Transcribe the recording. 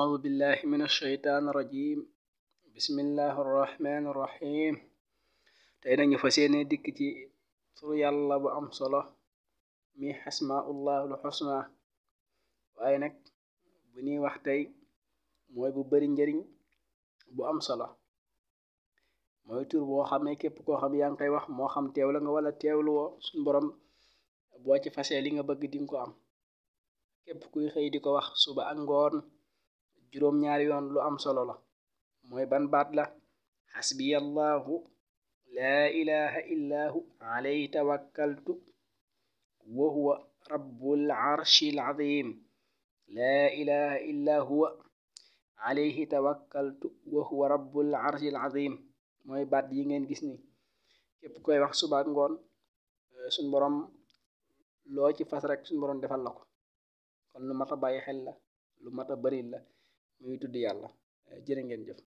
أعوذ بالله من الشيطان الرجيم بسم الله الرحمن tey nañu fa seene dikk ci turu yàlla bu am solo mi asmaullahul xusna waaye nag bu ñuy wax tey mooy bu bari njariñ bu am solo mooy tur boo xam ne képp koo xam yaa ngi koy wax moo xam teew la nga wala teewlu woo suñu borom boo ci fasee li nga bëgg dinga ko am képp kuy xëy di ko wax suba ak ngoon juróom-ñaari yoon lu am solo la mooy ban baat la xasbiyallahu laa ilaha illa hu alayhi tawakkaltu wa huwa rabbul arshil azim laa ilaha huwa alayhi tawakkaltu wa mooy baat yi ngeen gis ni képp koy wax suba ngoon euh, suñ boroom loo ci fas rek suñ boroom defal la ko kon lu mat a bàyyi xel la lu mat a bari la muy tudd yàlla jërë ngeen jëf